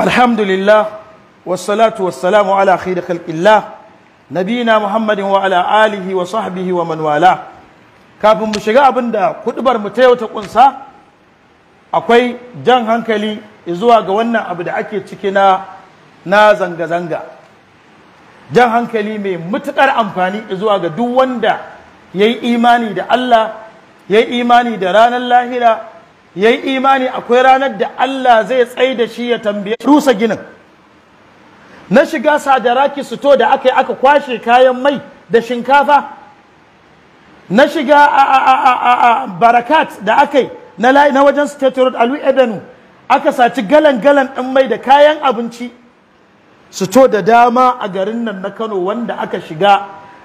Alhamdulillah الحمد لله والصلاة والسلام على nabina muhammadin wa ala alihi wa آله وصحبه wa manwala kafin mu shiga abin da kudubar mu ta yau ta kunsa akwai jan hankali zuwa ga wannan abu da ake ciki na zanga-zanga jan hankali mai matukar amfani zuwa ga duk wanda ya yi imani da Allah ya yi imani da ranar lahira yayi imani akwai ranar da Allah zai tsaye da shi ya tambaye rusa ginin na shiga sadaraki to da aka yi aka kwashe kayan mai da shinkafa na shiga a barakat da aka yi na wajen state road alu ebenu aka saci galan galan ɗin mai da kayan abinci su to da dama a garin nan na kano wanda aka shiga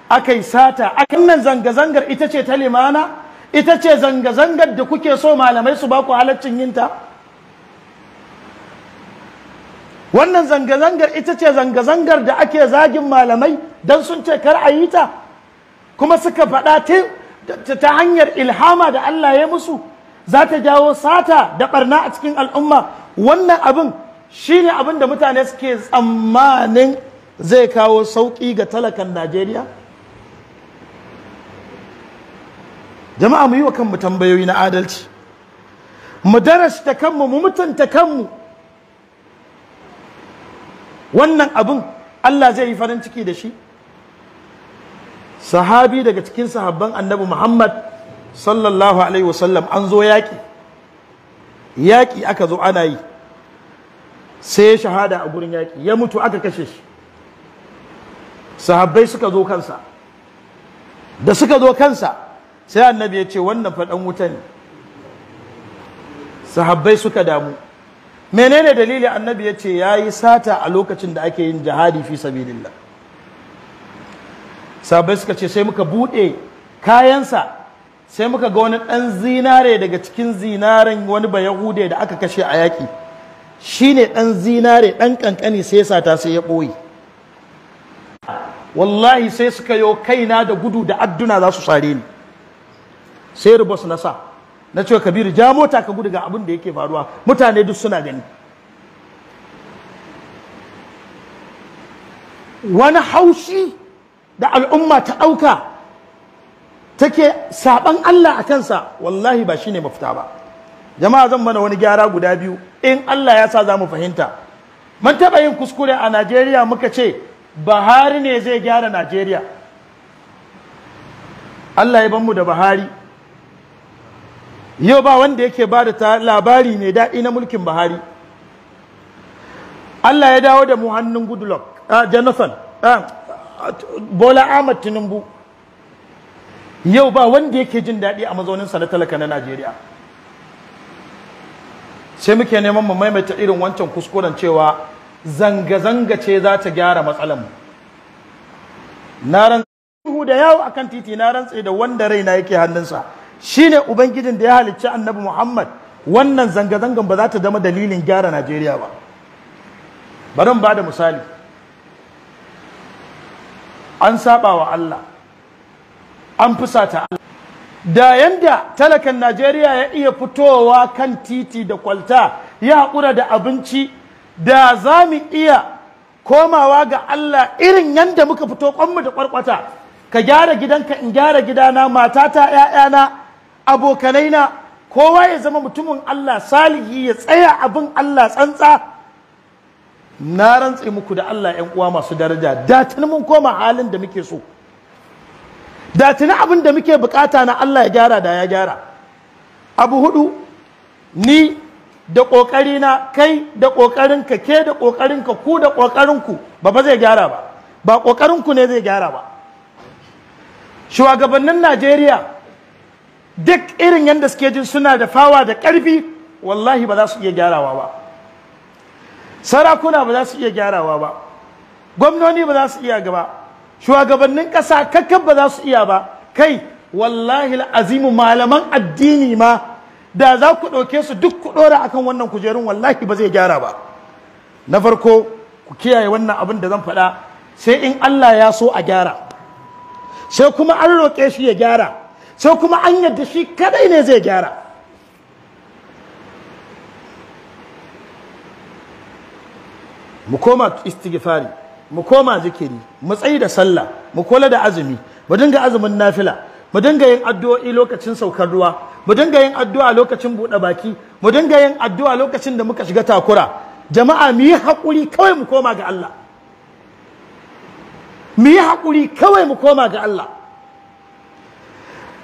aka yi sata akan nan zanga-zangar ita ce ta limana ita ce zanga-zangar da kuke so malamai su ba ku halaccin yinta wannan zanga-zangar ita ce zanga-zangar da ake zagin malamai don sun ce kar a yi ta kuma suka faɗa ta hanyar ilhama da Allah ya musu za ta jawo sata da barna a cikin al'umma wannan abin shi ne abin da mutane suke tsammanin zai kawo sauƙi ga talakan Najeriya? jama'a mu yi wa kanmu tambayoyi na adalci mu darasta kanmu mu mutunta kanmu wannan abin Allah zai yi farin ciki da shi sahabi daga cikin sahabban annabi Muhammad sallallahu alaihi wasallam an zo yaƙi yaƙi aka zo ana yi sai ya shahada a gurin yaƙi ya mutu aka kashe shi sahabbai suka zo kansa da suka zo kansa sai annabi ya ce wannan faɗan wuta ne sahabbai suka damu menene dalili annabi ya ce ya yi sata a lokacin da ake yin jihadi fi sabilillah sahabbai suka ce sai muka buɗe kayansa sai muka ga wani ɗan zinare daga cikin zinaren wani yahude da aka kashe a yaƙi shi ne ɗan zinare ɗan ƙanƙani sai sata sai ya ɓoye wallahi sai suka yo kaina da gudu da adduna za su sare ni sai ribos na sa na cewa kabiru ja mota ka gudu ga abin da yake faruwa mutane duk suna gani wani haushi da al'umma ta ɗauka take saɓan Allah a kansa wallahi ba shi ne mafita ba jama'a zan mana wani gyara guda biyu in Allah ya sa za mu fahimta mun taɓa yin kuskure a Najeriya muka ce bahari ne zai gyara Najeriya Allah ya ban mu da Buhari yau ba wanda yake ba da labari mai daɗi na mulkin buhari allah ya dawo da mu hannun goodluck ah, jonathan ah, bola ahmad tinubu yau ba wanda yake jin daɗi a mazauninsa na talaka na najeriya sai muke neman mu maimaita irin wancan kuskuren cewa zanga-zanga ce za ta gyara mu na rantsa da yawo a kan titi na rantse da wanda raina yake hannunsa shine ubangijin da ya halicci annabi Muhammad wannan zanga-zangan ba za ta zama dalilin gyara Najeriya ba Barin ba da misali an saba wa Allah an fusata Allah da yanda talakan Najeriya ya iya fitowa kan titi da kwalta ya haƙura da abinci da za mu iya komawa ga Allah irin yadda muka fito kwanmu da kwarkwata ka gyara gidanka in gyara gidana matata 'ya'yana abokanai na kowa ya zama mutumin Allah salihi ya tsaya abin Allah tsantsa na rantse muku da Allah ƴan uwa masu daraja da tuni mun koma halin da muke so da tuni abin da muke bukata na Allah ya gyara da ya gyara abu hudu ni da kokari na kai da kokarin ka ke da kokarin ka ku da kokarin ku ba ba zai gyara ba ba kokarin ku ne zai gyara ba shugabannin Najeriya duk irin yadda suke jin suna da fawa da ƙarfi wallahi ba za su iya gyarawa ba sarakuna ba za su iya gyarawa ba gwamnoni ba za su iya gaba shugabannin ƙasa kakkan ba za su iya ba kai wallahi azimu malaman addini ma da za ku ɗauke su duk ku ɗora akan wannan kujerun wallahi ba zai gyara ba na farko ku kiyaye wannan abin da zan faɗa sai in Allah ya so a gyara sai kuma an roƙe shi ya gyara sai kuma an yadda shi kadai ne zai gyara mu koma istighfari mu koma zikiri mu tsayi da sallah mu kula da azumi mu dinga azumin nafila mu dinga yin addu'o'i lokacin saukar ruwa mu dinga yin addu'a lokacin buɗe baki mu dinga yin addu'a lokacin da muka shiga takura jama'a mu yi haƙuri kawai mu koma ga Allah mu yi haƙuri kawai mu koma ga Allah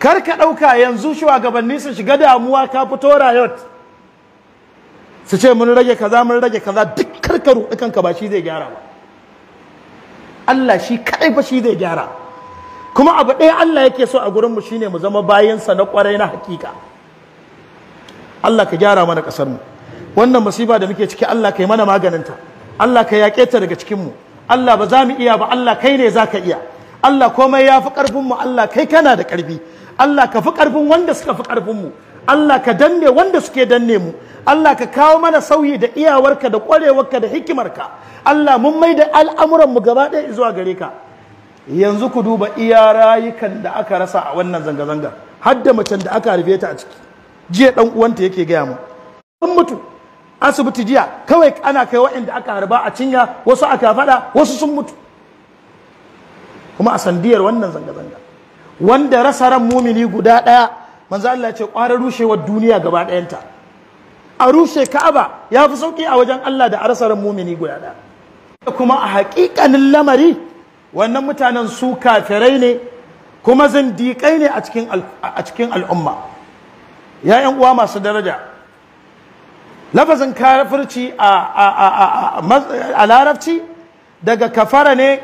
kar ka ɗauka yanzu shugabanni su shiga damuwa ka fito rayot su ce mun rage kaza mun rage kaza duk karka ruɗi kanka ba shi zai gyara ba Allah shi kaɗai ba shi zai gyara kuma abu ɗaya Allah yake so a gurinmu shine mu zama bayansa na ƙwarai na hakika Allah ka gyara mana ƙasarmu wannan musiba da muke ciki Allah ka yi mana maganinta Allah ka yaƙe ta daga cikinmu Allah ba za mu iya ba Allah kai ne za ka iya Allah komai ya fi ƙarfinmu Allah kai kana da ƙarfi Allah ka fi ƙarfin wanda suka fi ƙarfinmu Allah ka danne wanda suke danne mu Allah ka kawo mana sauyi da iyawarka da ƙwarewarka da hikimarka Allah mun mai da al'amuranmu gaba ɗaya zuwa gare ka yanzu ku duba iya rayukan da aka rasa a wannan zanga-zanga har da da aka harbe ta a ciki jiya ɗan uwanta yake gaya mu sun mutu asibiti jiya kawai ana kai waɗanda aka harba a cinya wasu aka faɗa wasu sun mutu kuma a sandiyar wannan zanga-zanga wanda rasa ran mumini guda ɗaya manzo Allah ce ƙwarar rushewar duniya gaba ɗayanta a rushe ka'aba ya fi sauƙi a wajen Allah da a rasa ran mumini guda ɗaya kuma a haƙiƙanin lamari wannan mutanen su kafirai ne kuma zindiƙai ne a cikin al'umma ya ‘yan uwa masu daraja lafazin kafirci a larabci daga kafara ne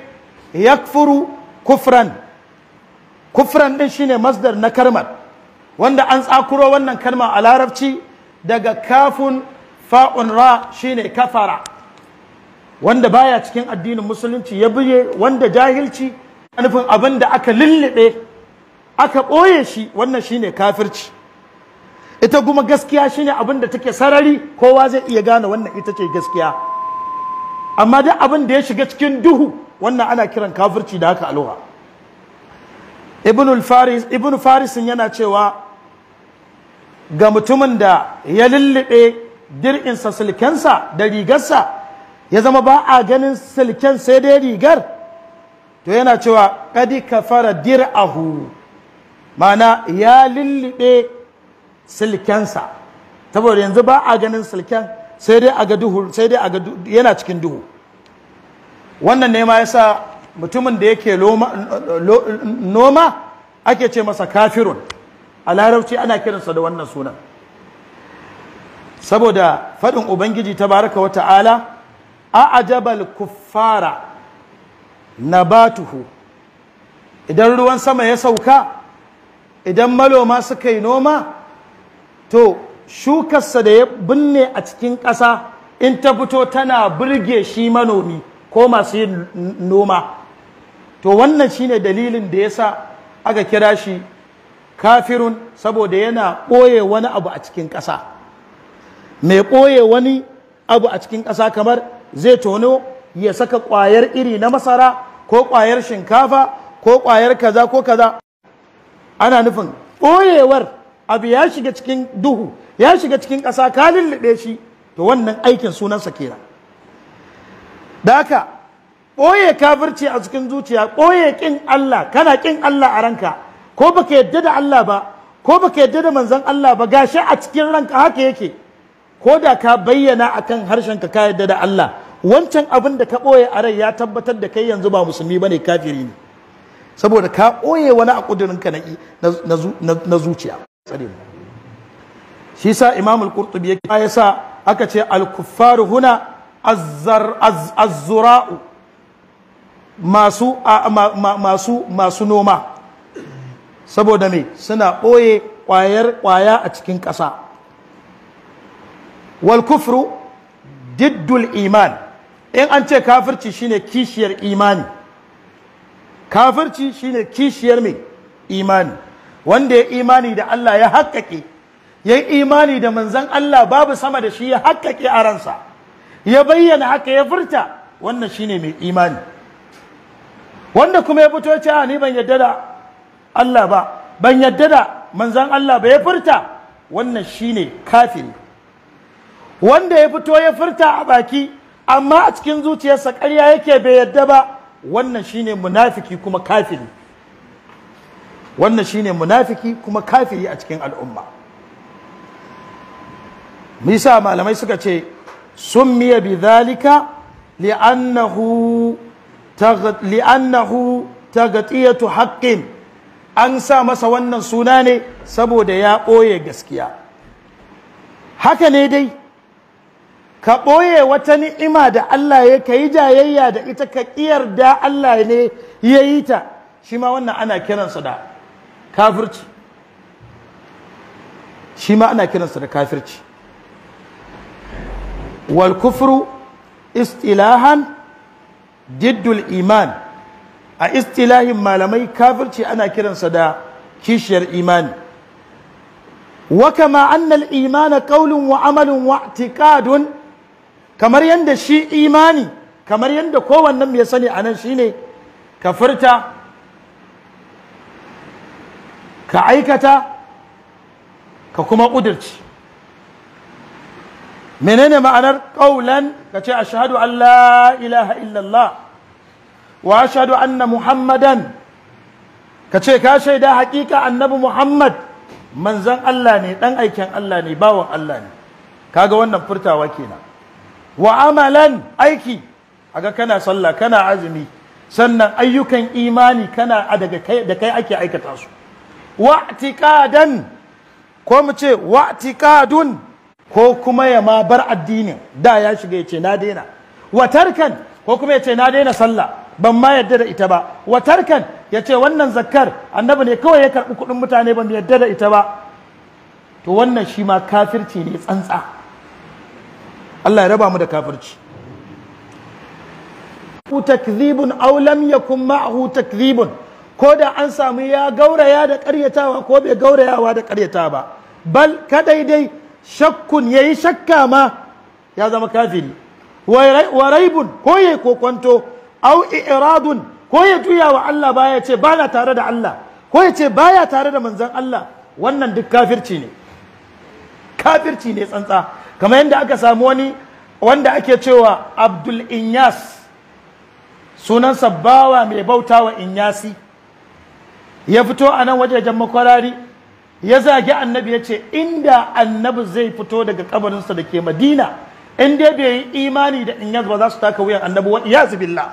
yakfuru kufran kufran din shine masdar na kalmar wanda an tsakuro wannan kalma a larabci daga kafun fa'un ra shine kafara wanda baya cikin addinin musulunci ya buye wanda jahilci nufin abin da aka lullube aka ɓoye shi wannan shine kafirci ita kuma gaskiya shine abin da take sarari kowa zai iya gane wannan ita ce gaskiya amma duk abin da ya shiga cikin duhu wannan ana kiran kafirci da haka aloha ibn faris ibn farisin yana cewa ga mutumin da ya lullube dir'insa silkensa da rigarsa ya zama ba a ganin silken sai dai rigar to yana cewa kadi kafara dir'ahu mana ya lullube silkensa saboda yanzu ba a ganin silken sai dai a ga duhu yana cikin duhu wannan ne ma yasa mutumin da yake noma ake ce masa kafirun a larabci ana kiransa da wannan sunan saboda faɗin ubangiji ta baraka wa ta'ala a ajabal kuffara tuhu idan ruwan sama ya sauka idan maloma suka yi noma to shukarsa da ya binne a cikin ƙasa in ta fito tana birge shi manomi ko masu yin noma to wannan shine dalilin da ya sa aka kira shi kafirun saboda yana ɓoye wani abu a cikin ƙasa mai ɓoye wani abu a cikin ƙasa kamar zai tono ya saka ƙwayar iri na masara ko ƙwayar shinkafa ko ƙwayar kaza ko kaza ana nufin ɓoyewar abu ya shiga cikin duhu ya shiga cikin ƙasa ka lullube shi to wannan aikin sunansa kenan da haka ɓoye kafirci a cikin zuciya ɓoye ƙin Allah kana ƙin Allah a ranka ko baka yadda da Allah ba ko baka yadda da manzon Allah ba gashi a cikin ranka haka yake ko da ka bayyana akan harshen ka ka yadda da Allah wancan abin da ka ɓoye a rai ya tabbatar da kai yanzu ba musulmi ba ne kafiri ne saboda ka ɓoye wani a ƙudurinka na zuciya shi sa imam al-qurtubi yake ya sa aka ce al-kuffaru huna az masu masu masu noma saboda me suna ɓoye ƙwayar ƙwaya a cikin ƙasa wal kufru diddul iman in an ce kafirci shine kishiyar imani kafirci shine kishiyar me imani wanda ya imani da Allah ya haƙƙaƙe ya imani da manzon Allah babu sama da shi ya haƙƙaƙe a ransa ya bayyana haka ya furta wannan shine mai imani wanda kuma ya fito ce ni ban yadda da Allah ba ban yadda da manzan Allah ba ya furta wannan shine kafiri wanda ya fito ya furta a baki amma a cikin zuciyarsa ƙarya yake bai yadda ba wannan shine munafiki kuma kafiri wannan shine munafiki kuma kafiri a cikin al'umma misa malamai suka ce sun miya bi zalika li'annahu li'annahu tagatiyatu haqqin an sa masa wannan suna ne saboda ya ɓoye gaskiya haka ne dai ka ɓoye wata ni'ima da Allah ya ka yi jayayya da ita ka ƙiyar da Allah ne ya yi ta shi ma wannan ana kiransa da kafirci shi ma ana kiransa da kafirci wal kufru istilahan diddul iman a istilahin malamai kafirci ana kiransa da kishiyar imani wa kama annal imana qaulun wa amalun wa i'tiqadun kamar yanda shi imani kamar yanda kowannen mai sani anan shine ka furta ka aikata ka kuma ƙudurci menene ma'anar ƙaulan ka ce ashhadu an la ilaha illallah wa ashhadu anna muhammadan ka ce ka shaida hakika annabi muhammad manzon Allah ne dan aikin Allah ne bawan Allah ne kaga wannan furtawa kenan wa amalan aiki aga kana sallah kana azumi sannan ayyukan imani kana daga kai da kai ake aikata su wa'tiqadan ko mu ce wa'tiqadun ko kuma ya ma bar addinin da ya shiga ya ce na daina watarkan ko kuma ya ce na daina sallah ban ma yadda da ita ba watarkan ya ce wannan zakkar annabi ne kawai ya karɓi kuɗin mutane ban yadda da ita ba to wannan shi ma kafirci ne tsantsa Allah ya raba mu da kafirci takdhibun aw lam yakun ma'ahu takdhibun ko da an samu ya gauraya da ƙaryatawa ko bai gaurayawa da ƙaryata ba bal kadaidai shakkun ya yi shakka ma ya zama kafiri wa raibun ko ya kokonto au i'radun ko ya juya wa Allah ba ya ce ba na tare da Allah ko ya ce baya tare da manzan Allah wannan duk kafirci ne kafirci ne tsantsa kamar yadda aka samu wani wanda ake cewa Abdul Inyas sunan sabbawa mai bautawa Inyasi ya fito a nan wajajen makwarari ya zagi annabi ya ce inda annabi zai fito daga kabarinsa da ke madina in dai bai yi imani da in ba za su taka wuyan annabi wa iyazu billah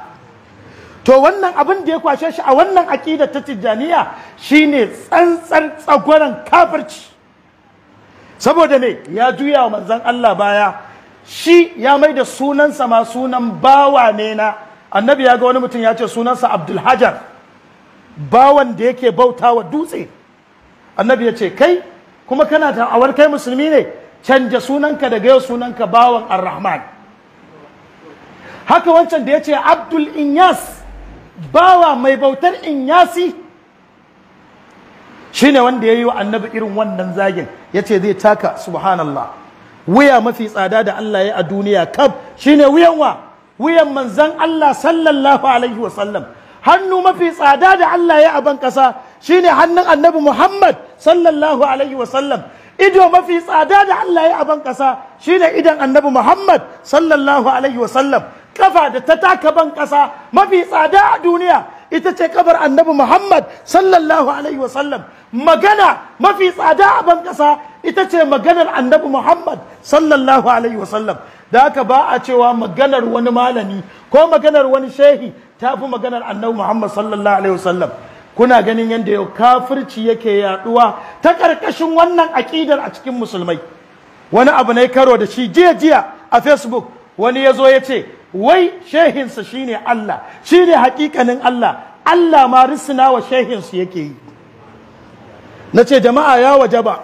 to wannan abin da ya kwashe shi a wannan aƙidar ta tijjaniya shine tsantsar tsagwaron kafirci saboda me ya juya wa manzon Allah baya shi ya mai da sunansa ma sunan bawa ne na annabi ya ga wani mutum ya ce sunansa abdulhajar bawan da yake bauta wa dutse annabi ya ce kai kuma kana ta'awar kai musulmi ne canja sunanka daga yau sunanka bawan ar-rahman haka wancan da ya ce abdul inyas bawa mai bautar inyasi shine wanda ya yi wa annabi irin wannan zagin ya ce zai taka subhanallah wuya mafi tsada da Allah ya a duniya kab shine wuyan wa wuyan manzan Allah sallallahu alaihi wasallam hannu mafi tsada da Allah ya a ban kasa shine hannun annabi Muhammad sallallahu alaihi wasallam ido mafi tsada da Allah ya aban kasa shine idan annabi Muhammad sallallahu alaihi wasallam kafa da ta taka ban kasa mafi tsada a duniya ita ce kabar annabi Muhammad sallallahu alaihi wasallam magana mafi tsada a ban kasa ita ce maganar annabi Muhammad sallallahu alaihi wasallam da haka ba a cewa maganar wani malami ko maganar wani shehi ta fi maganar annabi Muhammad sallallahu alaihi wasallam kuna ganin yadda yau kafirci yake yaduwa ta karkashin wannan aƙidar a cikin musulmai wani abu ne karo da shi jiya jiya a facebook wani ya zo ya ce wai shehinsa shine Allah shine hakikanin Allah Allah ma risina wa su yake yi na ce jama'a ya waje ba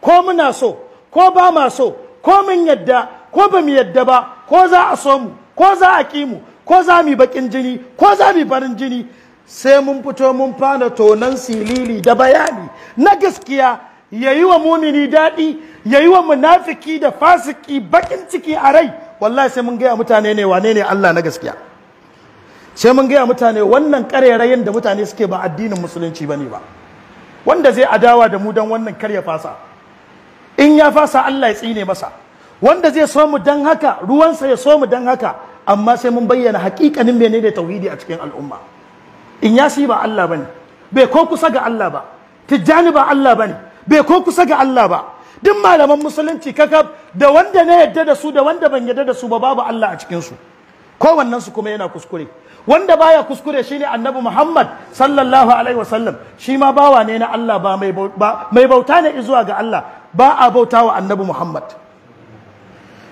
ko muna so ko ba ma so ko min yadda ko ba mu yadda ba ko za a so mu ko za a ki mu ko za mu yi bakin jini ko za mu yi farin jini sai mun fito mun fara tonan silili da bayani na gaskiya ya yi wa mumini daɗi ya yi wa munafiki da fasiki bakin ciki a rai wallahi sai mun gaya mutane ne wane ne Allah na gaskiya sai mun gaya mutane wannan ƙarerayen da mutane suke ba addinin musulunci ba ne ba wanda zai adawa da mu don wannan karya fasa in ya fasa Allah ya tsine masa wanda zai so mu dan haka ruwansa ya so mu dan haka amma sai mun bayyana hakikanin menene tauhidi a cikin al'umma in shi ba Allah ne, bai ko kusa ga Allah ba tijjani ba Allah bane bai ko kusa ga Allah ba duk malaman musulunci kaka da wanda na yadda da su da wanda ban yadda da su ba babu Allah a cikinsu. su su kuma yana kuskure wanda baya kuskure shine annabi Muhammad sallallahu alaihi wasallam shi ma bawa ne na Allah ba mai bauta ne zuwa ga Allah ba a bauta wa annabi Muhammad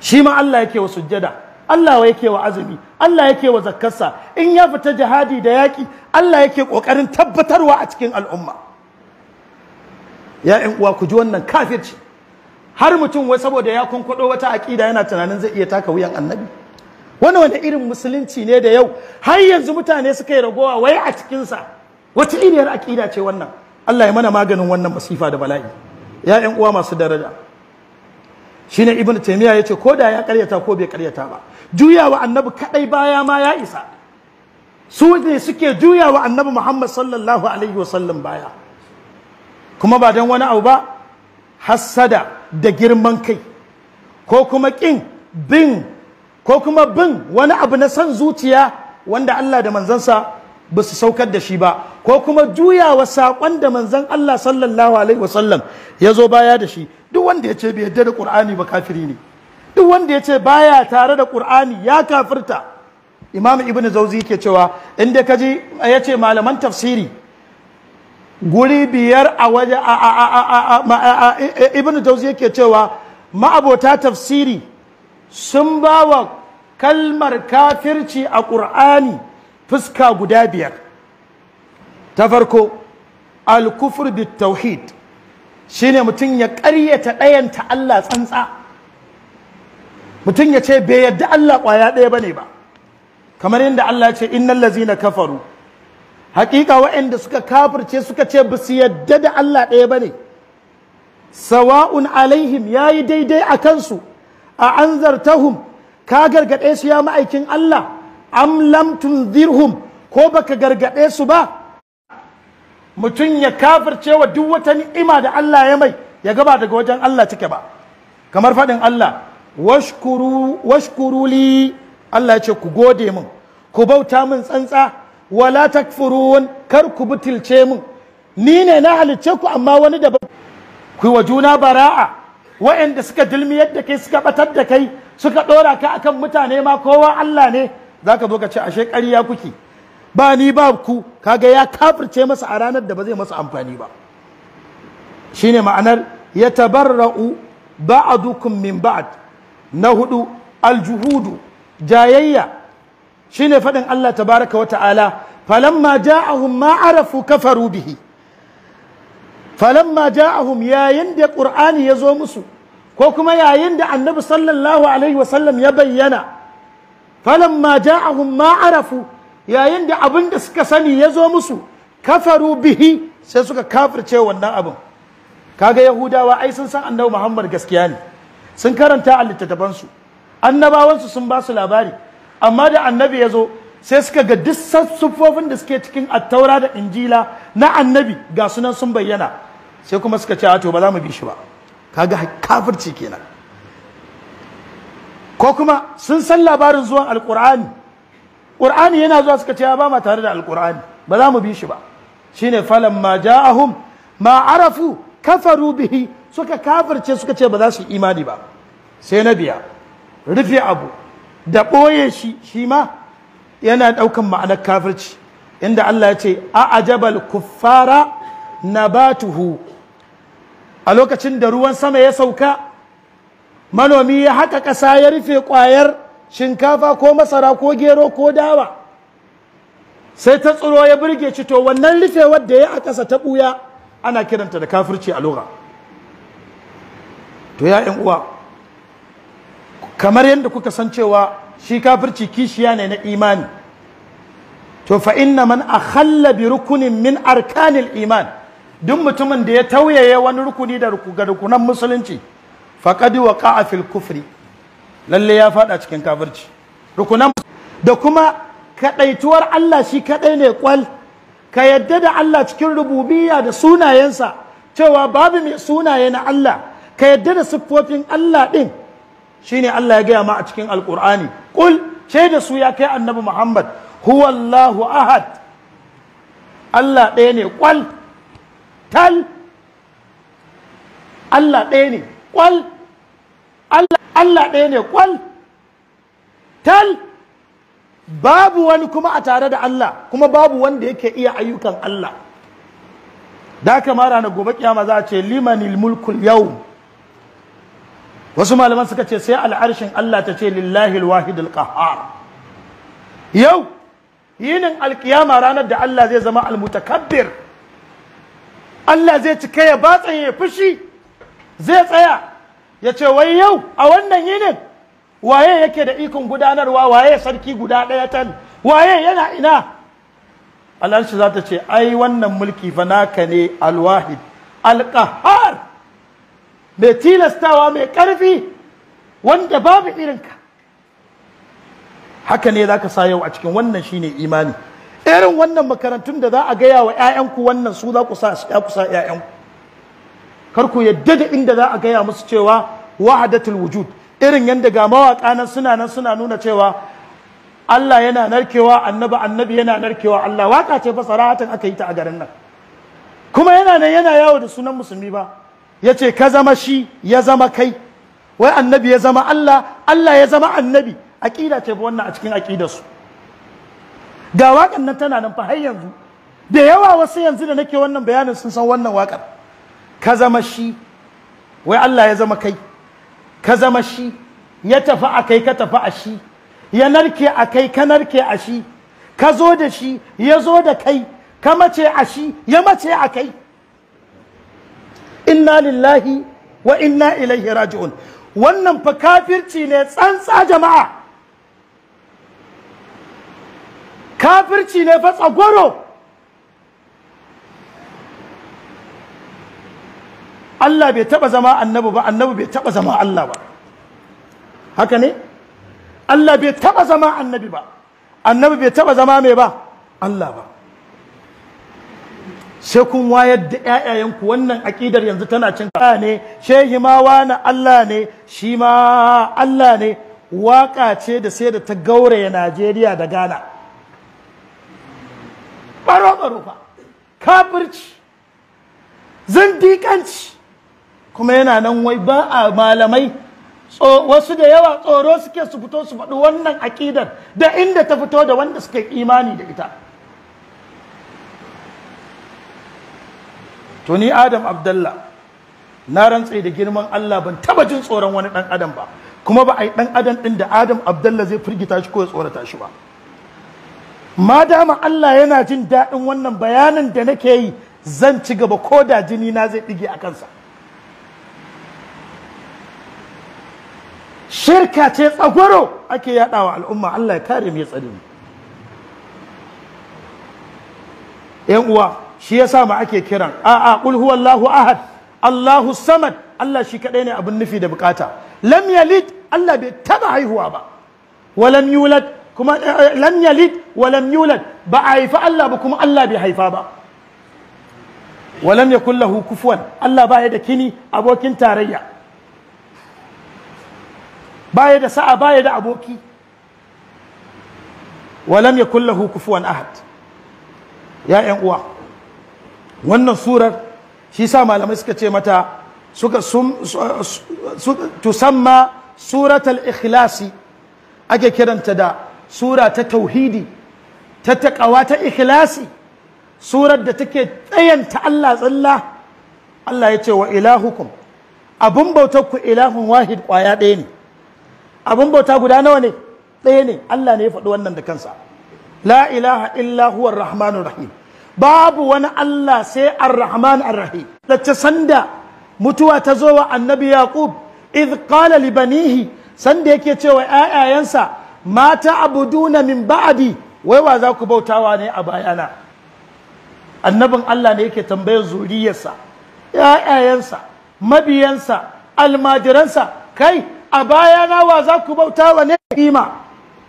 shi ma Allah yake wa sujjada Allah yake wa azumi Allah yake wa zakkarsa in ya fita jihadi da yaki Allah yake kokarin tabbatarwa a cikin al'umma ya uwa ku ji wannan kafirci har mutum wai saboda ya kunkudo wata aqida yana tunanin zai iya taka wuyan annabi wani wanda irin musulunci ne da yau har yanzu mutane suka yi ragowa wai a cikinsa wata iriyar aƙida ce wannan Allah ya mana maganin wannan masifa da bala'i ya uwa masu daraja shine ibnu taymiya yace ko da ya karyata ko bai karyata ba juyawa annabi kadai baya ma ya isa su ne suke juya wa annabi muhammad sallallahu alaihi wasallam baya kuma ba dan wani abu ba hassada da girman kai ko kuma kin bin ko kuma bin wani abu na san zuciya wanda Allah da manzansa ba su saukar da shi ba ko kuma juyawa saƙon da manzan Allah sallallahu alaihi wasallam ya zo baya da shi duk wanda ya ce bai yarda da Qur'ani ba kafiri ne duk wanda ya ce baya tare da Qur'ani ya kafirta Imam Ibn Zawzi yake cewa inda kaji ya ce malaman tafsiri guri biyar a waje Ibn Jauzi yake cewa ma'abota tafsiri sun ba wa kalmar kafirci a ƙur'ani fuska guda biyar ta farko al-kufr bit tauhid shine mutum ya ƙaryata ɗayanta Allah tsantsa mutum ya ce bai yadda Allah ƙwaya ɗaya bane ba kamar yadda Allah ya ce innal ladzina kafaru hakika waɗanda suka kafirce suka ce ba su yadda da Allah ɗaya bane sawa'un alaihim yayi daidai a kansu a anzartahum ka gargaɗe su ya ma'aikin Allah am lam tunzirhum ko baka gargaɗe su ba mutum ya kafirce wa duk wata ni'ima da Allah ya mai ya gaba daga wajen Allah take ba kamar faɗin Allah washkuru li Allah ya ce ku gode min ku bauta min tsantsa wala takfurun kar ku butulce min ni ne na halicce ku amma wani da ku yi wa juna bara'a wa'anda suka dilmi da kai suka batar da kai suka ɗora ka akan mutane ma kowa Allah ne zaka zo ka ce ashe ƙarya kuke ba ni ba ku kaga ya kafirce masa a ranar da ba zai masa amfani ba shine ma'anar yatabarra'u ba'dukum min ba'd na hudu aljuhudu jayayya shine fadin Allah tabaraka wa ta'ala falamma ja'ahum ma arafu kafaru bihi falamma ja'ahum yayin da qur'ani ya zo musu ko kuma yayin da annabi sallallahu alaihi ya bayyana falamma ja'ahum ma arafu yayin da abin da suka sani ya zo musu kafaru bihi sai suka kafirce wannan abin kaga yahudawa ai sun san annabi muhammad gaskiya ne sun karanta a littattafansu annabawansu sun ba su labari amma da annabi ya zo sai suka ga duk siffofin da suke cikin attaura da injila na annabi ga sunan sun bayyana sai kuma suka ce to ba za mu bi shi ba kaga kafirci kenan ko kuma sun san labarin zuwan alkur'ani qur'ani yana zuwa suka ce ba ma tare da Al-Qur'ani. ba za mu bi shi ba shine falamma ja'ahum ma arafu kafaru bihi suka kafirce suka ce ba za su imani ba sai na biya rufe abu da ɓoye shi shi ma yana ɗaukan ma'anar kafirci inda Allah ya ce a ajabal kuffara nabatuhu a lokacin da ruwan sama ya sauka manomi ya haka ƙasa ya rufe ƙwayar shinkafa ko masara ko gero ko dawa sai ta tsiro ya burge ci to wannan rufewar da ya a ƙasa ta ɓuya ana kiranta da kafirci a lura to ya uwa kamar yadda kuka san cewa shi kafirci kishiya ne na imani to fa inna man akhalla bi rukunin min arkanil iman duk mutumin da ya tauyaye wani rukuni da rukunan musulunci faƙaduwa ƙa'afil kufri lalle ya fada cikin kafirci rukunan da kuma kadaituwar Allah shi kadai ne kwal ka yadda da Allah cikin rububiyya da sunayensa cewa babu mai sunaye na Allah ka yadda da siffofin Allah din shine Allah ya gaya ma a cikin alkur'ani kul ce da su ya kai annabi Muhammad huwallahu ahad Allah ɗaya ne kwal tal Allah ɗaya ne kwal Allah ɗaya ne ƙwal, tal babu wani kuma a tare da Allah kuma babu wanda yake iya ayyukan Allah da mara ranar gobe kiyama za a ce limanil mulkul yau wasu malaman suka ce sai al'arshin Allah ta ce lillahi wahidul qahhar yau yinin alkiyama ranar da Allah zai zama almutakabbir Allah zai cika ya batsa ya fushi zai tsaya ya ce wai yau a wannan yinin waye yake da ikon gudanarwa waye sarki guda ɗaya tal waye yana ina al'arshi za ta ce ai wannan mulki fa naka ne alwahid alƙahar mai tilastawa mai ƙarfi wanda babu irinka haka ne za ka sa yau a cikin wannan shine imani irin wannan makarantun da za a gaya wa 'ya'yanku wannan su za ku sa 'ya'yanku kar ku yadda da inda za a gaya musu cewa wahadatul wujud irin yadda ga mawaƙa nan suna nan suna nuna cewa Allah yana narkewa annabi annabi yana narkewa Allah waka ce fa sarahatan aka yi ta a garin nan kuma yana nan yana yawo da sunan musulmi ba yace ka zama shi ya zama kai wai annabi ya zama Allah Allah ya zama annabi Aƙida ce wannan a cikin aqidar su ga wakan nan tana nan fa har yanzu da yawa wasu yanzu da nake wannan bayanin sun san wannan wakar ka zama shi wai Allah ya zama kai ka zama shi ya tafi a kai ka tafi a shi ya narke a kai ka narke a shi ka zo da shi ya zo da kai ka mace a shi ya mace a kai inna lillahi wa inna ilaihi raji'un wannan fa kafirci ne tsantsa jama'a kafirci ne fa tsagoro? Allah bai taba zama annabi ba annabi bai taba zama Allah ba haka ne Allah bai taba zama annabi ba annabi bai taba zama mai ba Allah ba sai kun wayar da ƴaƴayenku wannan aƙidar yanzu tana cin ka ne shehi ma wani Allah ne shi ma Allah ne waka ce da sai da ta gauraya Najeriya da Ghana baro baro fa kafirci zindiƙanci kuma yana nan wai ba a malamai wasu da yawa tsoro suke su fito su faɗi wannan akidar da inda ta fito da wanda suka yi imani da ita tuni adam abdallah na rantse da girman allah ban taba jin tsoron wani ɗan adam ba kuma ba a yi ɗan adam ɗin da adam abdallah zai firgita shi ko ya tsorata shi ba ma dama allah yana jin daɗin wannan bayanin da nake yi zan ci gaba ko da jini na zai ɗige a kansa shirka ce tsagwaro ake wa al'umma Allah ya kare mai tsari yan uwa shi yasa ma ake kiran a a qul huwallahu ahad Allahu samad Allah shi kadai ne abin nufi da bukata lam yalid Allah bai taba haihuwa ba walam yulad kuma eh, lam yalid walam yulad ba a haifa Allah ba kuma Allah bai haifa ba walam yakul lahu kufuwan Allah ba ya da kini abokin tarayya baya da sa'a baya da aboki walam ya lahu kufuwan ahad ya yan uwa wannan surar shi sa malamai suka ce mata suka tusamma suratal ikhlasi ake kiranta da sura ta tauhidi ta taqawa ta ikhlasi surar da take tsayanta Allah tsalla Allah ya ce wa ilahukum abun bautar ku ilahun wahid kwaya ɗaya ne abin bauta guda nawa ne ɗaya ne Allah ne ya faɗi wannan da kansa la ilaha illa huwa rahmanur rahim babu wani Allah sai ar-rahman ar-rahim lace sanda mutuwa ta zo wa annabi yaqub idh qala li banihi sanda yake cewa ayayansa mata abuduna min ba'di wai wa za ku bautawa ne a bayana annabin Allah ne yake tambayar zuriyarsa ayayansa mabiyansa almajiransa kai a baya nawa wa za ku bauta wa ne kima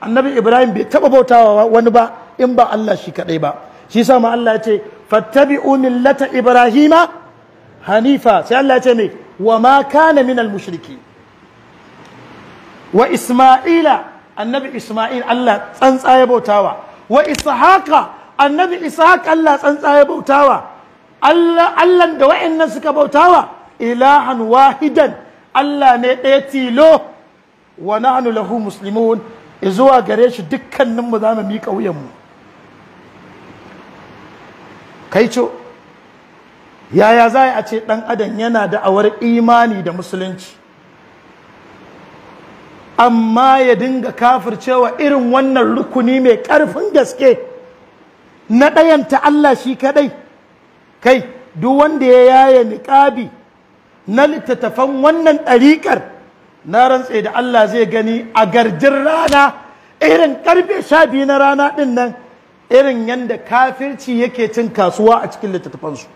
annabi ibrahim bai taba bautawa wani ba in ba Allah shi kadai ba shi yasa ma Allah ya ce fattabi'u millata ibrahima hanifa sai Allah ya ce me wa ma kana minal mushriki wa isma'ila annabi isma'il Allah tsantsa ya bautawa wa ishaqa annabi ishaq Allah tsantsa ya bautawa Allah da wa'annan suka bautawa ilahan wahidan Allah ne ɗaya tilo wa nahnu lahu muslimun zuwa gare shi dukkaninmu za mu miƙa wuyanmu kai co yaya za a ce ɗan adam yana da awar imani da musulunci amma ya dinga kafircewa irin wannan rukuni mai ƙarfin gaske na ɗayanta Allah shi kaɗai kai duk wanda ya yaya niƙabi na littattafan wannan ɗariƙar na rantse da Allah zai gani a garjin rana irin ƙarfe sha biyu na rana ɗin nan irin yadda kafirci yake cin kasuwa a cikin littattafansu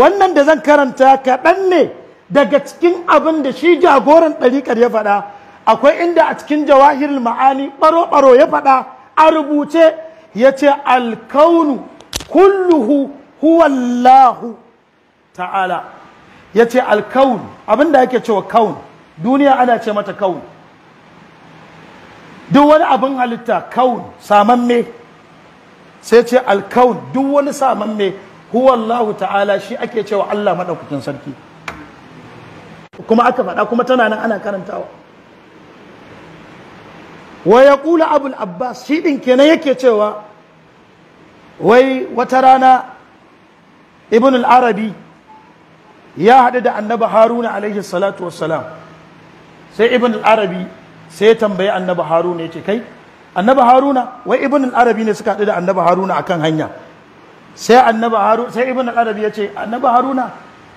wannan da zan karanta kaɗan ne daga cikin abin da shi jagoran ɗariƙar ya faɗa akwai inda a cikin jawahirul ma'ani ɓaro-ɓaro ya faɗa a rubuce ya ce alkaunu kulluhu huwallahu ta'ala ya ce alkaun abinda ake cewa kaun duniya ana ce mata kaun duk wani abin halitta kaun samamme sai ce alkaun duk wani samamme huwallahu ta'ala shi ake cewa Allah maɗaukakin sarki kuma aka faɗa kuma tana nan ana karantawa wa ya ƙula abul abbas shi ɗin kenan yake cewa wai wata rana ibn al-arabi ya haɗu da Annaba haruna alaihi salatu wassalam sai ibn al-arabi sai ya tambayi Annaba haruna ya ce kai Annaba haruna wai ibn al-arabi ne suka haɗu da Annaba haruna akan hanya sai Annaba haruna sai ibn al-arabi ya ce Annaba haruna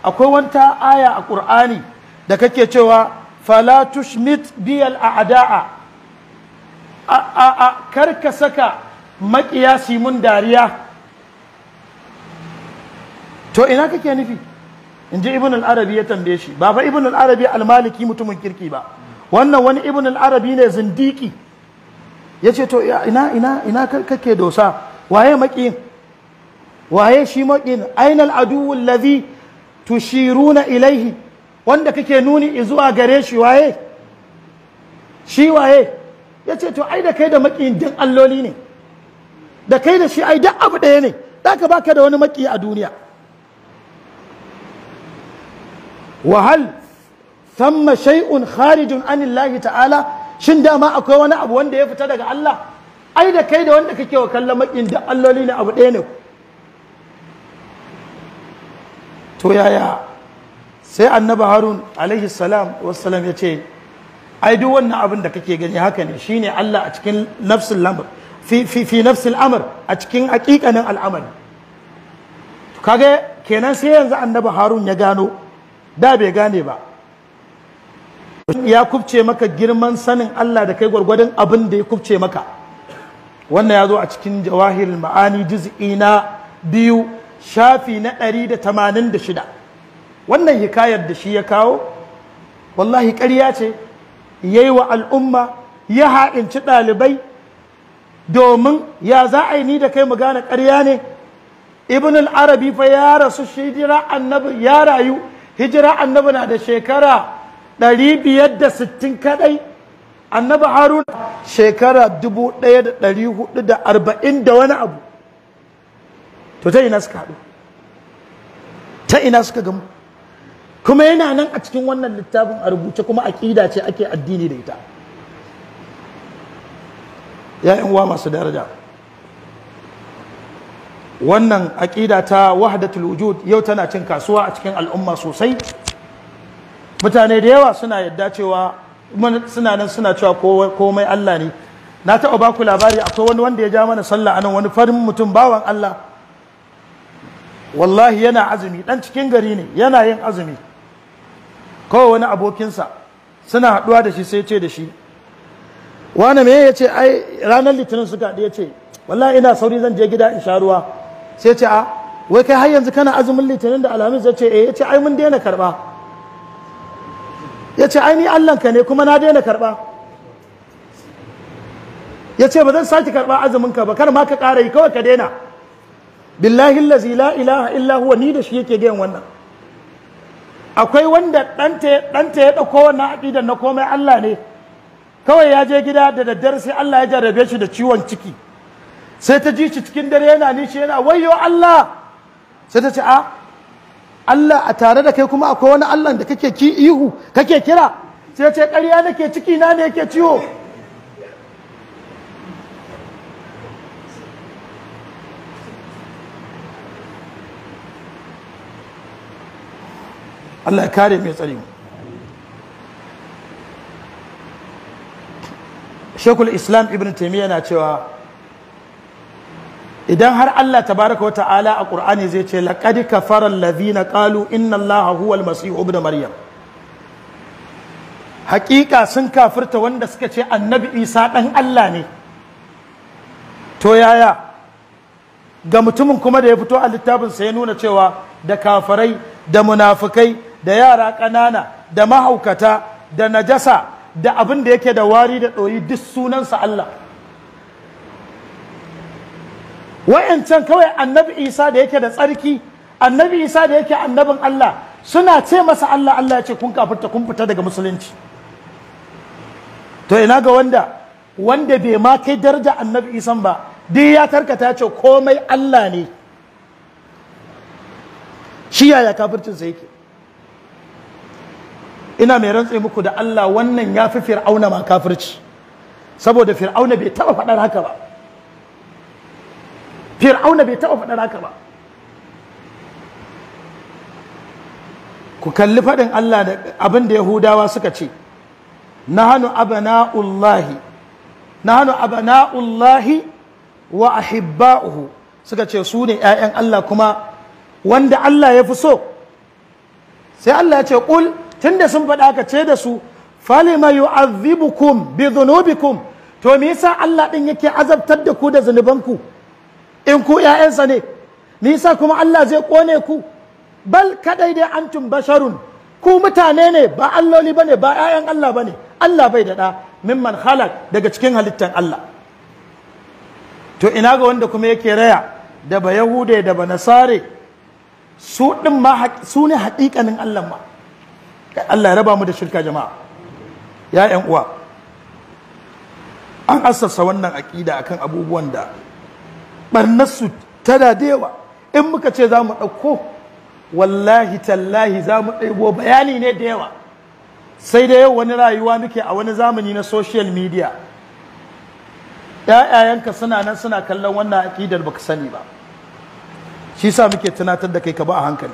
akwai wata aya a qur'ani da kake cewa fala tushmit biyal a'da'a a a kar ka saka maƙiya mun dariya to ina kake nufi in ji ibn al-arabi ya tambaye shi ba fa ibn al-arabi al-maliki mutumin kirki ba wannan wani ibn al-arabi ne zindiki ya ce to ina ina ina kake dosa waye maƙin waye shi maƙin ainal aduwwul ladhi tushiruna ilaihi wanda kake nuni zuwa gare shi waye shi waye ya ce to ai da kai da maƙin din alloli ne da kai da shi ai duk abu daya ne da ka baka da wani maƙi a duniya wahal thamma shay'un kharijun anillahi ta'ala shin dama akwai wani abu wanda ya fita daga Allah ai da kai da wanda kake wa kallon makin da alloli ne abu ɗaya ne to yaya sai annaba harun alaihi salam wassalam ya ce ai duk wannan abin da kake gani haka ne shine Allah a cikin nafsul lamr fi fi fi nafsul amr a cikin hakikanin al'amari kaga kenan sai yanzu annaba harun ya gano da bai gane ba ya kubce maka girman sanin Allah da kai gwargwadon abin da ya kubce maka wannan ya zo a cikin jawahir ma'ani juz'i na biyu shafi na ɗari da tamanin da shida wannan hikayar da shi ya kawo wallahi ƙarya ce ya yi wa al'umma ya ha'inci ɗalibai domin ya za a yi ni da kai mu gane ƙarya ne ibn arabi fa ya rasu shidira annabi ya rayu hijira annabi na da shekara 560 kadai annabi Haruna shekara 1440 da wani abu to ta ina suka haɗu ta ina suka gamu kuma yana nan a cikin wannan littafin a rubuce kuma aƙida ce ake addini da ita ya'yan uwa masu daraja wannan aƙida ta wahdatul wujud yau tana cin kasuwa a cikin al'umma sosai mutane da yawa suna yadda cewa suna nan suna cewa komai Allah ne na taɓa baku labari akwai wani wanda ya ja mana sallah anan wani farin mutum bawan Allah wallahi yana azumi dan cikin gari ne yana yin azumi kawai wani abokinsa suna haɗuwa da shi sai ce da shi wani me ya ce ai ranar litinin suka ya ce wallahi ina sauri zan je gida in sha ruwa sai ce a wai kai har yanzu kana azumin litinin da alhamis ya ce eh ya ce ai mun daina karba ya ce ai ni allanka ne kuma na daina karba ya ce ba zan sake karba azuminka ba kar ma ka ƙara yi kawai ka daina billahi lazi la ilaha illa huwa ni da shi yake gayan wannan akwai wanda ɗanta ya ɗauko wannan aƙidar na komai allah ne kawai ya je gida da daddare sai allah ya jarrabe shi da ciwon ciki sai ta ji shi cikin dare yana nishi yana wayo Allah sai ta ce a ah, Allah a tare da kai kuma akwai wani Allah da kake ki ihu kake kira sai ce ƙarya nake ciki na ne yake ciwo Allah ya kare mai tsari Shekul Islam Ibn Taymiyyah yana cewa idan har Allah ta baraka wa ta'ala a Qur'ani zai ce laqad kafara allazina qalu inna allaha huwal masih ibn maryam hakika sun kafirta wanda suka ce annabi isa dan Allah ne to yaya ga mutumin kuma da ya fito a littafin sai ya nuna cewa da kafarai, da munafukai da yara ƙanana da mahaukata da najasa da abin da yake da wari da ɗoyi duk sunansa Allah wayancan kawai annabi isa da yake da tsarki annabi isa da yake annabin allah suna ce masa allah allah ya ce kun kafirta kun fita daga musulunci to ina ga wanda wanda bai ma kai daraja annabi Isa ba duk ya tarkata ce komai allah ne shi yaya kafircinsa yake ina mai rantse muku da allah wannan ya fi fir'auna ma kafirci saboda fir'auna bai taɓa faɗar haka ba fir'auna bai taɓa faɗar haka ba ku kalli faɗin Allah da abin da Yahudawa suka ce nahnu abana'ullahi nahnu abana'ullahi wa ahibba'uhu suka ce su ne ƴaƴan Allah kuma wanda Allah ya fi so sai Allah ya ce ƙul tunda sun faɗa ka ce da su falima yu'adhibukum bi dhunubikum to me yasa Allah ɗin yake azabtar da ku da ku? in ku ‘ya'yansa ne nisa kuma Allah zai kone ku bal kadai dai antum basharun ku mutane ne ba alloli bane ba ‘ya'yan Allah bane Allah bai daɗa, mimman khalaq daga cikin halittar Allah to ina ga wanda kuma yake raya da ba yahude da ba nasare su din ma su ne haƙiƙanin Allah ma Allah ya raba mu da shirka jama'a ya ƴan uwa an assasa wannan aƙida akan abubuwan da barnarsu tana da yawa in muka ce za mu ɗauko wallahi tallahi za mu ɗaibo bayani ne da yawa sai da yau wani rayuwa muke a wani zamani na social media ‘ya'yayanka suna nan suna kallon wannan aƙidar baka sani ba shi sa muke tunatar da kai ka ba a hankali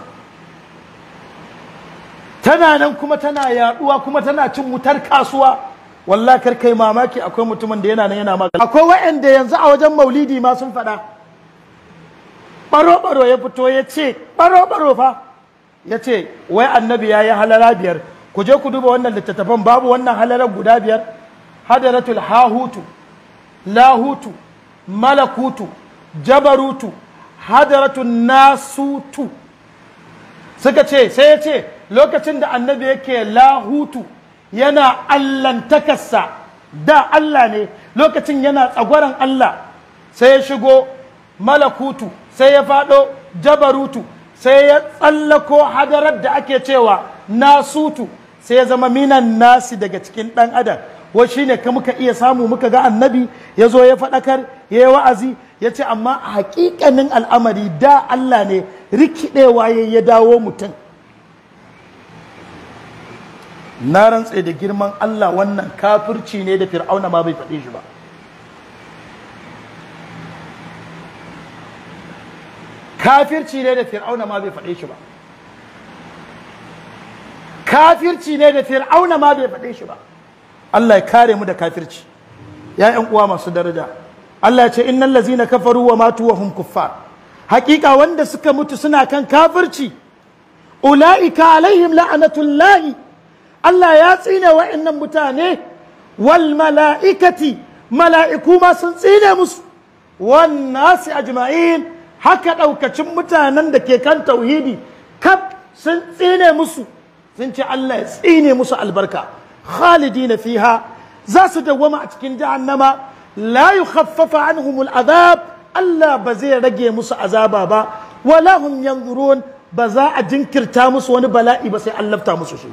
tana nan kuma tana yaɗuwa kuma tana cin wutar kasuwa wallah kar kai mamaki akwai mutumin da yana nan yana magana akwai wa'anda yanzu a wajen maulidi ma sun faɗa baro-baro ya fito ya ce baro-baro fa ya ce wai annabi ya yi halala biyar ku je ku duba wannan littattafan babu wannan halalar guda biyar hadaratul hahutu lahutu malakutu jabarutu hadaratun nasutu suka ce sai ya ce lokacin da annabi yake lahutu yana allantakarsa da Allah ne lokacin yana tsagwaron Allah sai ya shigo malakutu sai ya faɗo jabarutu sai ya tsallako hadarar da ake cewa nasutu sai ya zama minan nasi daga cikin ɗan adam wa shine ka muka iya samu muka ga annabi ya zo ya faɗakar ya yi wa'azi ya ce amma a hakikanin al'amari da Allah ne rikidewa ya dawo mutum na rantse da girman Allah wannan kafirci ne da fir'auna ma bai faɗe shi ba kafirci ne da fir'auna ma bai faɗe shi ba kafirci ne da fir'auna ma bai faɗe shi ba Allah ya kare mu da kafirci ya ƴan uwa masu daraja Allah ya ce innal ladzina kafaru wa matu wa hum kuffar haƙiƙa wanda suka mutu suna kan kafirci ula'ika alaihim la'anatullahi Allah ya tsine wa'annan mutane wal mala'ikati mala'iku ma sun tsine musu wan nasi ajma'in haka ɗaukacin mutanen da ke kan tauhidi kaf sun tsine musu sun ce Allah ya tsine musu albarka khalidina fiha za su dawwama a cikin jahannama la yukhaffafa anhumul azab Allah ba zai rage musu azaba ba wala hum yanzurun ba za a jinkirta musu wani bala'i ba sai an lafta musu shi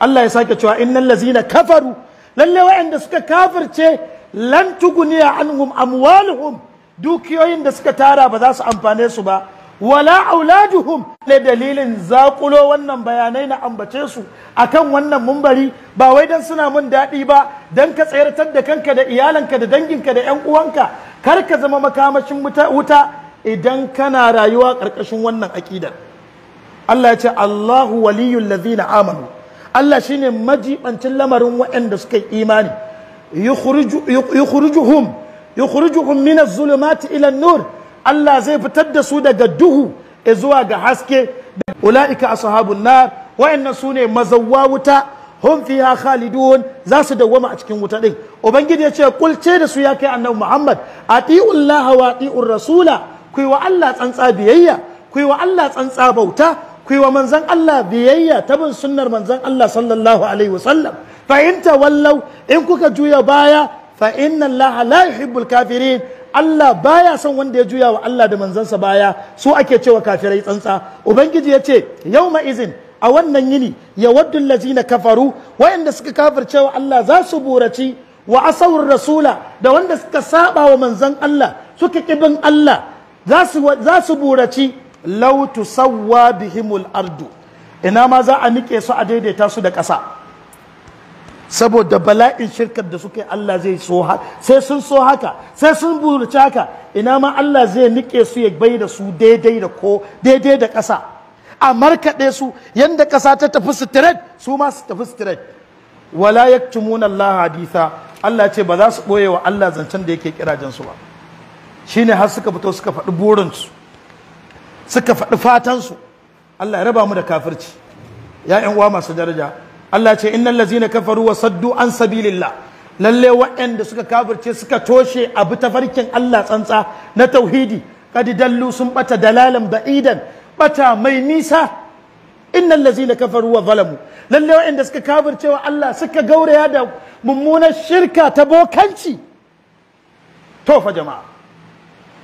Allah ya sake cewa innal lazina kafaru lalle wa'anda suka kafirce lan tuguniya anhum amwaluhum dukiyoyin da suka tara ba za su amfane su ba wala auladuhum ne dalilin zakulo wannan bayanai na ambace su akan wannan mumbari ba wai dan suna mun daɗi ba dan ka tsayartar da kanka da iyalanka da danginka da ƴan uwanka kar ka zama makamashin wuta idan kana rayuwa ƙarƙashin wannan aƙidar Allah ya ce Allahu waliyul ladina amanu Allah shine majibancin lamarin waɗanda suka yi imani yukhrijuhum yukhrijuhum min az-zulumati ila an-nur Allah zai fitar da su daga duhu zuwa ga haske ulaika ashabun nar wa'annan sune mazawwa wuta hum fiha khalidun za su dawwama a cikin wuta din ubangiji ya ce kulce da su ya kai annabi Muhammad atiullaha wa atiur rasula ku wa Allah tsantsa biyayya ku wa Allah tsantsa bauta ku wa manzon Allah biyayya ta bin sunnar manzon Allah sallallahu alaihi wasallam fa in wallau in kuka juya baya fa inna allaha la kafirin Allah baya son wanda ya juya wa Allah da manzansa baya su ake cewa kafirai tsantsa ubangiji ya ce yau izin a wannan yini ya waddu lazina kafaru wayanda suka kafirce wa Allah za su buraci wa asawar rasula da wanda suka saba wa manzan Allah suka kibin Allah za su buraci lautu tusawwa bihimul ardu ina ma za a nike su a daidaita su da ƙasa saboda bala'in shirkar da suka yi Allah zai so haka sai sun so haka sai sun burci haka ina ma Allah zai nike su ya bai da su daidai da ko daidai da ƙasa a markaɗe su yanda ƙasa ta tafi straight su ma su tafi straight wala yaktumuna Allah haditha Allah ce ba za su ɓoye wa Allah zancen da yake kirajen su ba shine har suka fito suka faɗi burinsu suka faɗi fatansu Allah ya raba mu da kafirci ya uwa masu daraja Allah ce innal ladzina kafaru wa saddu an sabilillah lalle waɗanda suka kafirce suka toshe abu tafarkin Allah tsantsa na tauhidi kad dallu sun bata dalalan ba'idan bata mai nisa innal ladzina kafaru wa zalamu lalle waɗanda suka kafirce wa Allah suka gauraya da mummunan shirka ta bokanci to fa jama'a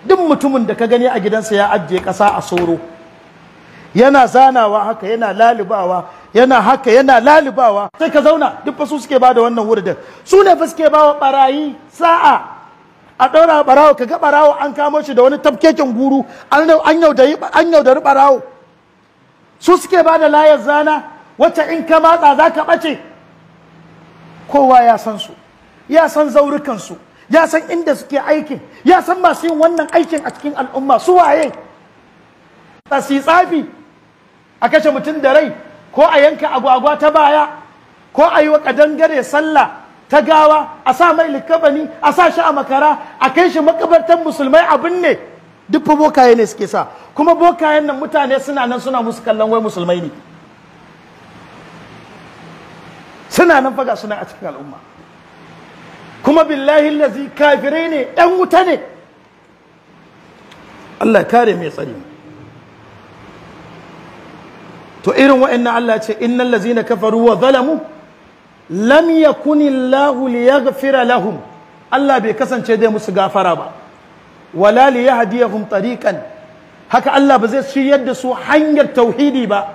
duk mutumin da ka gani a gidansa ya ajiye ƙasa a soro yana zanawa haka yana lalubawa yana haka yana lalubawa sai ka zauna duk fa su suke bada wannan wurdin su ne fa suke bawa barayi sa'a a ɗora barawo ka ga barawo an kamo shi da wani tafkekin guru an yaudari barawo su suke bada layar zana wacce in ka matsa za ka ɓace kowa ya san su ya san zaurukansu ya san inda suke aikin ya san masu yin wannan aikin a cikin al'umma su waye tsafi a kashe mutum da rai ko a yanka agwagwa ta baya ko a yi wa kadangare sallah ta gawa a sa mai likabani a sa shi a makara a kai shi makabartar musulmai abin ne duk fa bokaye ne suke sa kuma bokayen nan mutane suna nan suna musu kallon wai musulmai ne suna nan faga suna a cikin al'umma kuma billahi lazi kafirai ne ɗan wuta ne Allah kare mai tsari to irin wa'annan Allah ce innal ladzina kafaru wa zalamu lam yakunillahu liyaghfira lahum Allah bai kasance dai musu gafara ba wala liyahdiyahum tariqan haka Allah ba zai shiryar da su hanyar tauhidi ba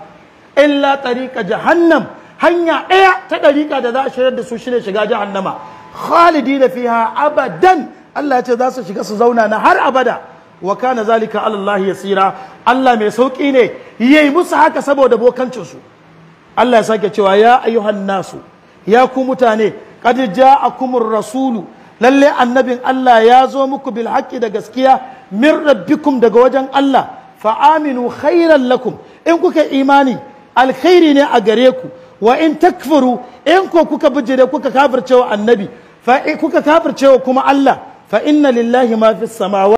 illa tariqa jahannam hanya ɗaya ta ɗariƙa da za a shirar da su shine shiga jahannama khalidina fiha abadan Allah ya ce za su shiga su zauna na har abada wa kana zalika ala Allah yasira Allah mai sauki ne yayi musu haka saboda bokancin su Allah ya sake cewa ya ayyuhan nasu ya ku mutane qad ja'akumur rasulu lalle annabin Allah ya zo muku bil haqqi da gaskiya min rabbikum daga wajen Allah fa aminu khairan lakum in kuka imani alkhairi ne a gare ku wa in takfuru in ko kuka bijire kuka kafircewa annabi fa kuka kafircewa kuma Allah fa inna lillahi ma fis samawati